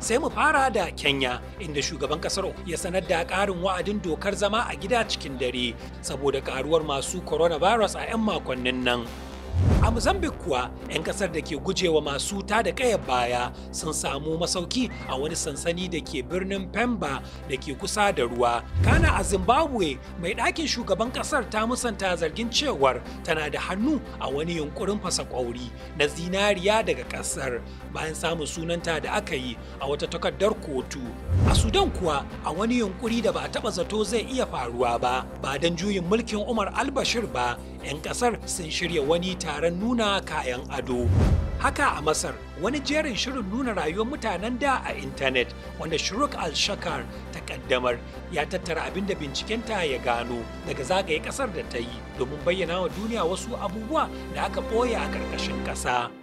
sai mu fara da kenya inda shugaban kasar ya sanar da ƙarin wa'adin dokar zama a gida cikin dare saboda karuwar masu coronavirus a 'yan makonnin nan A Mozambique kuwa 'yan kasar da ke gujewa masu ta da kaya baya sun samu masauki a wani sansani da ke birnin Pemba da ke kusa da ruwa. Kana a Zimbabwe mai ɗakin shugaban kasar ta musanta zargin cewar tana da hannu a wani yunkurin fasa kwauri na zinariya daga kasar bayan samun sunanta da aka yi a wata takardar kotu. A Sudan kuwa a wani yunkuri da ba a taɓa zato zai iya faruwa ba ba don juyin mulkin Umar Albashir ba 'yan kasar sun shirya wani taron wuraren nuna kayan ado. Haka a Masar, wani jerin shirin nuna rayuwar mutanen da a intanet wanda Shuruk al-Shakar ta kaddamar ya tattara abin da bincikenta ya gano daga zagaye kasar da ta yi domin bayyana wa duniya wasu abubuwa da aka ɓoye a ƙarƙashin ƙasa.